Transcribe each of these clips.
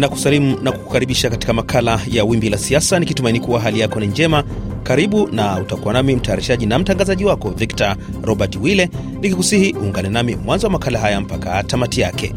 ninakusalimu na kukukaribisha katika makala ya Wimbi la Siasa, nikitumaini kuwa hali yako ni njema. Karibu na utakuwa nami mtayarishaji na mtangazaji wako victo Robert Wille, nikikusihi uungane nami mwanzo wa makala haya mpaka tamati yake.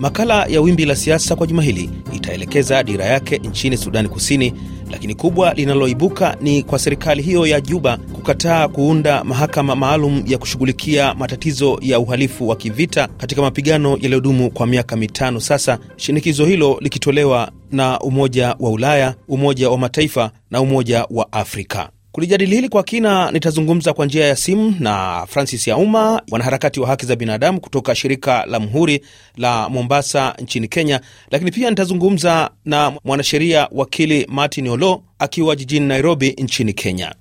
Makala ya Wimbi la Siasa kwa juma hili itaelekeza dira yake nchini Sudani Kusini, lakini kubwa linaloibuka ni kwa serikali hiyo ya Juba kukataa kuunda mahakama maalum ya kushughulikia matatizo ya uhalifu wa kivita katika mapigano yaliyodumu kwa miaka mitano sasa, shinikizo hilo likitolewa na Umoja wa Ulaya, Umoja wa Mataifa na Umoja wa Afrika. Kulijadili hili kwa kina, nitazungumza kwa njia ya simu na Francis Yauma, wanaharakati wa haki za binadamu kutoka shirika la Mhuri la Mombasa nchini Kenya, lakini pia nitazungumza na mwanasheria wakili Martin Olo akiwa jijini Nairobi nchini Kenya.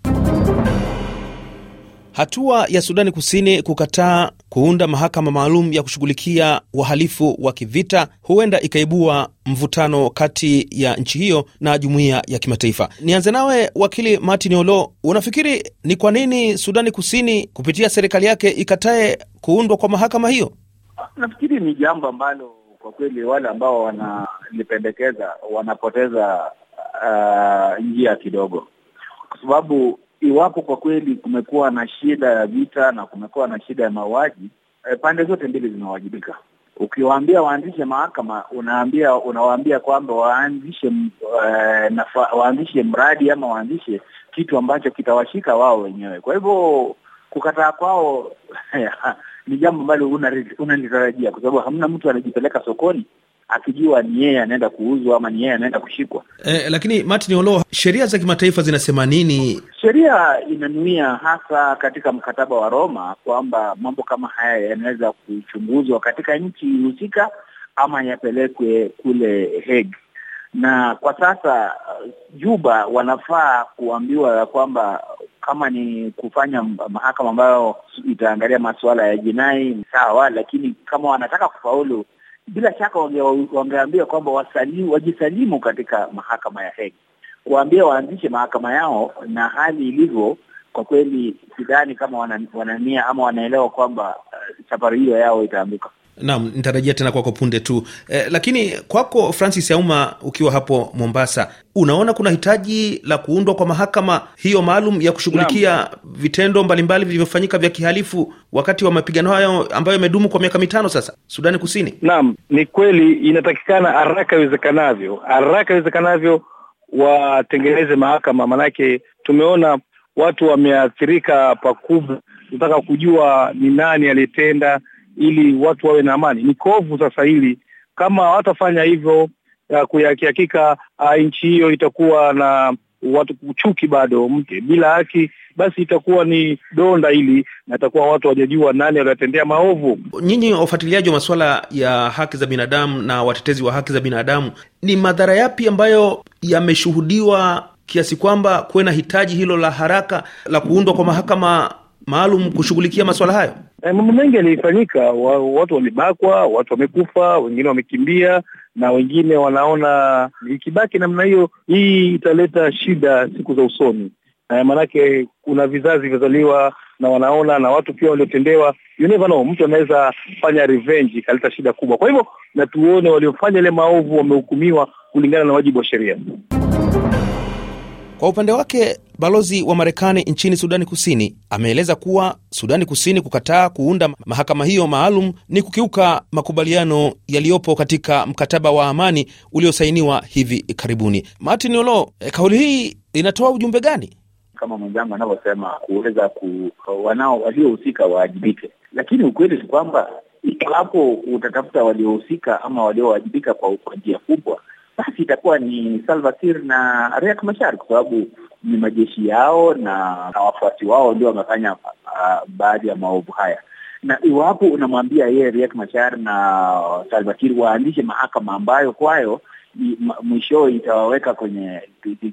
Hatua ya Sudani Kusini kukataa kuunda mahakama maalum ya kushughulikia wahalifu wa kivita huenda ikaibua mvutano kati ya nchi hiyo na jumuiya ya kimataifa. Nianze nawe wakili Martin Olo, unafikiri ni kwa nini Sudani Kusini kupitia serikali yake ikatae kuundwa kwa mahakama hiyo? Nafikiri ni jambo ambalo kwa kweli wale ambao wanalipendekeza wanapoteza uh, njia kidogo, kwa sababu iwapo kwa kweli kumekuwa na shida ya vita na kumekuwa na shida ya mauaji e, pande zote mbili zinawajibika. Ukiwaambia waanzishe mahakama, unaambia unawaambia kwamba waanzishe e, waanzishe mradi ama waanzishe kitu ambacho kitawashika wao wenyewe. Kwa hivyo kukataa kwao ni jambo ambalo unalitarajia, una kwa sababu hamna mtu anajipeleka sokoni akijua ni yeye anaenda kuuzwa ama ni yeye anaenda kushikwa. Eh, lakini Martin Olo, sheria za kimataifa zinasema nini? Sheria inanuia hasa katika mkataba wa Roma kwamba mambo kama haya yanaweza kuchunguzwa katika nchi husika ama yapelekwe kule Hague na kwa sasa Juba wanafaa kuambiwa ya kwamba kama ni kufanya mahakama ambayo itaangalia masuala ya jinai sawa, lakini kama wanataka kufaulu bila shaka wangeambia kwamba wasalimu, wajisalimu katika mahakama ya Hague, waambie waanzishe mahakama yao, na hali ilivyo kwa kweli sidhani kama wanania ama wanaelewa kwamba uh, safari hiyo yao itaanguka nam nitarajia tena kwako punde tu eh, lakini kwako Francis Auma, ukiwa hapo Mombasa, unaona kuna hitaji la kuundwa kwa mahakama hiyo maalum ya kushughulikia vitendo mbalimbali vilivyofanyika vya kihalifu wakati wa mapigano hayo ambayo yamedumu kwa miaka mitano sasa Sudani Kusini? Naam, ni kweli, inatakikana haraka iwezekanavyo, haraka iwezekanavyo watengeneze mahakama, manake tumeona watu wameathirika pakubwa. Tunataka kujua ni nani aliyetenda ili watu wawe na amani. Ni kovu sasa hili, kama watafanya hivyo kuyakihakika nchi hiyo itakuwa na watu kuchuki bado mke bila haki, basi itakuwa ni donda hili na itakuwa watu wajajua nani waliotendea maovu. Nyinyi wafuatiliaji wa masuala ya haki za binadamu na watetezi wa haki za binadamu, ni madhara yapi ambayo yameshuhudiwa kiasi kwamba kuwe na hitaji hilo la haraka la kuundwa kwa mahakama maalum kushughulikia masuala hayo? E, mambo mengi yalifanyika, wa, watu walibakwa, watu wamekufa, wengine wamekimbia na wengine wanaona ikibaki namna hiyo hii italeta shida siku za usoni. E, maanake kuna vizazi vilivyozaliwa na wanaona na watu pia waliotendewa, you never know, mtu anaweza fanya revenge ikaleta shida kubwa. Kwa hivyo na tuone waliofanya ile maovu wamehukumiwa kulingana na wajibu wa sheria. Kwa upande wake balozi wa Marekani nchini Sudani Kusini ameeleza kuwa Sudani Kusini kukataa kuunda mahakama hiyo maalum ni kukiuka makubaliano yaliyopo katika mkataba wa amani uliosainiwa hivi karibuni. Martin Olo, eh, kauli hii inatoa ujumbe gani? Kama mwenzangu anavyosema kuweza ku wanao waliohusika waajibike, lakini ukweli ni kwamba iwapo utatafuta waliohusika ama waliowajibika kwa njia kubwa basi itakuwa ni Salva Kiir na Riek Machar kwa sababu ni majeshi yao na, na wafuasi wao ndio wamefanya uh, baadhi ya maovu haya na iwapo unamwambia yeye Riek Machar na Salva Kiir waanzishe mahakama ambayo kwayo mwisho itawaweka kwenye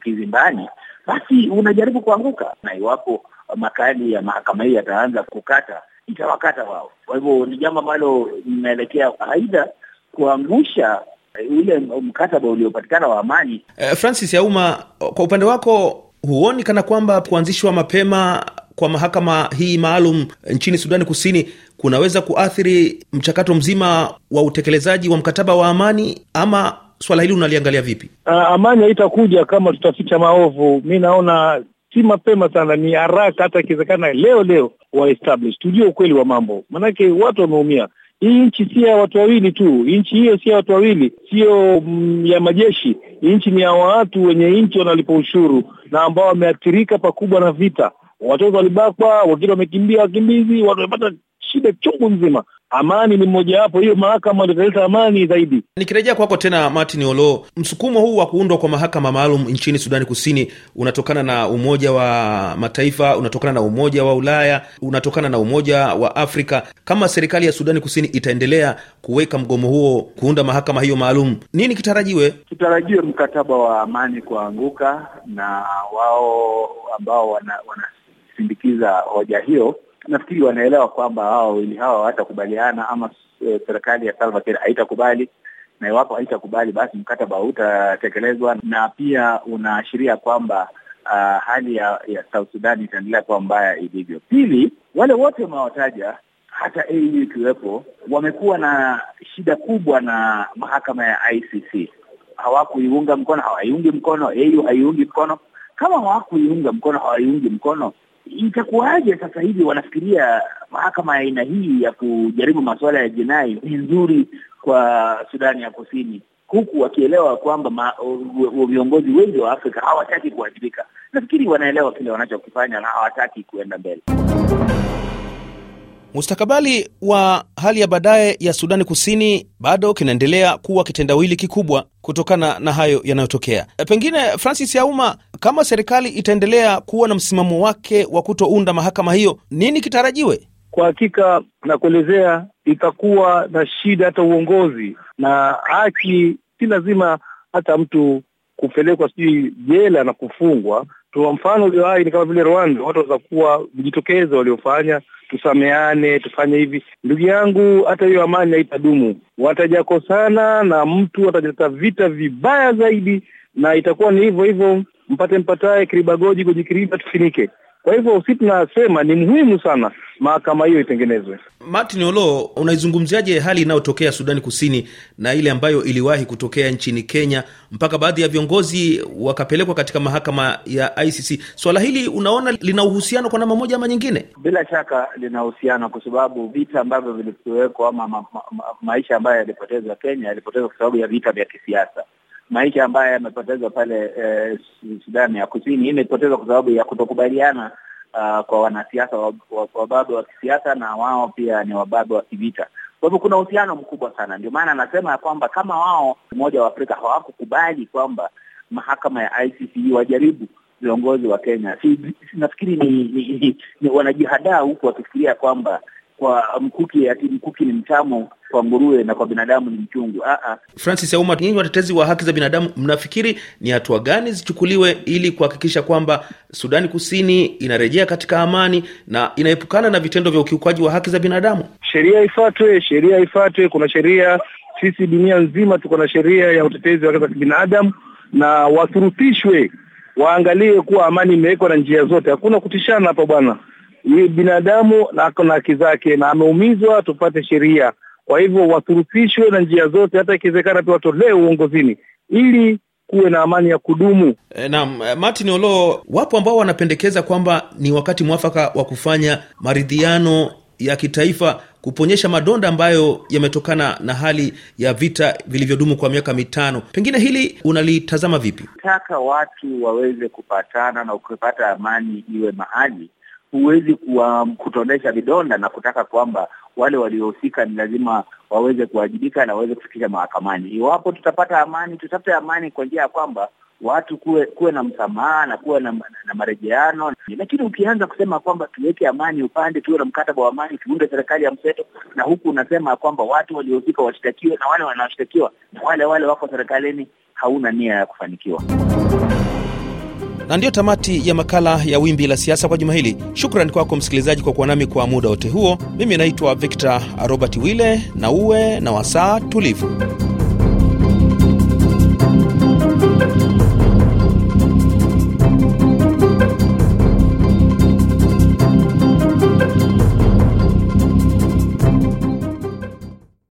kizimbani, basi unajaribu kuanguka. Na iwapo makali ya mahakama hii yataanza kukata, itawakata wao. Kwa hivyo ni jambo ambalo linaelekea aidha kuangusha Eh, ule mkataba uliopatikana wa amani. Eh, Francis Yauma, kwa upande wako huoni kana kwamba kuanzishwa mapema kwa mahakama hii maalum nchini Sudani Kusini kunaweza kuathiri mchakato mzima wa utekelezaji wa mkataba wa amani ama swala hili unaliangalia vipi? Uh, amani haitakuja kama tutaficha maovu. Mi naona si mapema sana, ni haraka, hata ikiwezekana leo leo wa establish, tujue ukweli wa mambo, maanake watu wameumia. Hii nchi si ya watu wawili tu, nchi hiyo si ya watu wawili, sio mm, ya majeshi. Nchi ni ya watu wenye nchi wanalipa ushuru na ambao wameathirika pakubwa na vita. Watoto walibakwa, wengine wamekimbia wakimbizi, watu wamepata shida chungu nzima. Amani ni mmojawapo, hiyo mahakama italeta amani zaidi. Nikirejea kwako tena, Martin Olo, msukumo huu wa kuundwa kwa mahakama maalum nchini Sudani Kusini unatokana na Umoja wa Mataifa, unatokana na Umoja wa Ulaya, unatokana na Umoja wa Afrika. Kama serikali ya Sudani Kusini itaendelea kuweka mgomo huo, kuunda mahakama hiyo maalum, nini kitarajiwe? Kitarajiwe mkataba wa amani kuanguka na wao ambao wanasindikiza wana hoja hiyo nafikiri wanaelewa kwamba hawa wawili hawa hawatakubaliana ama e, serikali ya Salva Kiir haitakubali na iwapo haitakubali basi mkataba hautatekelezwa, na pia unaashiria kwamba uh, hali ya, ya South Sudan itaendelea kuwa mbaya ilivyo. Pili, wale wote wamewataja hata AU ikiwepo, wamekuwa na shida kubwa na mahakama ya ICC. Hawakuiunga mkono, hawaiungi mkono, AU haiungi mkono. Kama hawakuiunga mkono, hawaiungi mkono, Itakuwaje sasa hivi wanafikiria mahakama ya aina hii ya kujaribu masuala ya jinai ni nzuri kwa Sudani ya Kusini, huku wakielewa kwamba viongozi wengi wa Afrika hawataki kuwajibika. Nafikiri wanaelewa kile wanachokifanya na hawataki kuenda mbele. Mustakabali wa hali ya baadaye ya Sudani Kusini bado kinaendelea kuwa kitendawili kikubwa kutokana na hayo yanayotokea. E, pengine Francis Yauma, kama serikali itaendelea kuwa na msimamo wake wa kutounda mahakama hiyo, nini kitarajiwe? Kwa hakika nakuelezea, itakuwa na shida hata uongozi na haki. Si lazima hata mtu kupelekwa sijui jela na kufungwa. Tuna mfano hai ni kama vile Rwanda, watu waweza kuwa vijitokeza waliofanya tusameane, tufanye hivi. Ndugu yangu, hata hiyo amani haitadumu, watajakosana na mtu atajaleta vita vibaya zaidi, na itakuwa ni hivyo hivyo, mpate mpataye, kiriba goji goji kiriba, tufinike. Kwa hivyo si tunasema ni muhimu sana mahakama hiyo itengenezwe. Martin Olo, unaizungumziaje hali inayotokea Sudani Kusini na ile ambayo iliwahi kutokea nchini Kenya mpaka baadhi ya viongozi wakapelekwa katika mahakama ya ICC? Swala hili unaona lina uhusiano kwa namna moja ama nyingine? Bila shaka lina uhusiano, kwa sababu vita ambavyo vilikuwekwa ama ma ma ma maisha ambayo yalipotezwa Kenya yalipotezwa kwa sababu ya vita vya kisiasa maisha ambayo yamepotezwa pale eh, Sudani ya Kusini. Hii imepotezwa kwa sababu ya kutokubaliana uh, kwa wanasiasa wababe wa kisiasa na wao pia ni wababe wa kivita. Kwa hivyo kuna uhusiano mkubwa sana, ndio maana anasema ya kwamba kama wao Umoja wa Afrika hawakukubali kwamba mahakama ya ICC wajaribu viongozi wa Kenya, si nafikiri ni, ni, ni, ni wanajihadaa huku wakifikiria kwamba kwa mkuki ati mkuki ni mtamo kwa nguruwe na kwa binadamu ni mchungu. Ah, ah. Francis Auma, nyinyi watetezi wa haki za binadamu, mnafikiri ni hatua gani zichukuliwe ili kuhakikisha kwamba Sudani Kusini inarejea katika amani na inaepukana na vitendo vya ukiukaji wa haki za binadamu? Sheria ifuatwe, sheria ifuatwe. Kuna sheria, sisi dunia nzima tuko na sheria ya utetezi wa haki za kibinadamu, na wathurutishwe, waangalie kuwa amani imewekwa na njia zote, hakuna kutishana hapa bwana binadamu na ako na haki zake, na ameumizwa, tupate sheria. Kwa hivyo waturufishwe na njia zote, hata ikiwezekana pia watolewe uongozini ili kuwe na amani ya kudumu. E, naam. Eh, Martin Olo, wapo ambao wanapendekeza kwamba ni wakati mwafaka wa kufanya maridhiano ya kitaifa kuponyesha madonda ambayo yametokana na hali ya vita vilivyodumu kwa miaka mitano. Pengine hili unalitazama vipi? taka watu waweze kupatana na ukipata amani iwe mahali huwezi kutonesha vidonda na kutaka kwamba wale waliohusika ni lazima waweze kuwajibika na waweze kufikisha mahakamani. Iwapo tutapata amani, tutapata amani kwa njia ya kwamba watu kuwe kuwe na msamaha na kuwe na, na marejeano. Lakini ukianza kusema kwamba tuweke amani upande, tuwe na mkataba wa amani, tuunde serikali ya mseto, na huku unasema kwamba watu waliohusika washtakiwe na wale wanaoshtakiwa na wale wale wako serikalini, hauna nia ya kufanikiwa na ndiyo tamati ya makala ya Wimbi la Siasa kwa juma hili. Shukran kwako msikilizaji kwa kuwa nami kwa muda wote huo. Mimi naitwa Victor Robert wille na uwe na wasaa tulivu.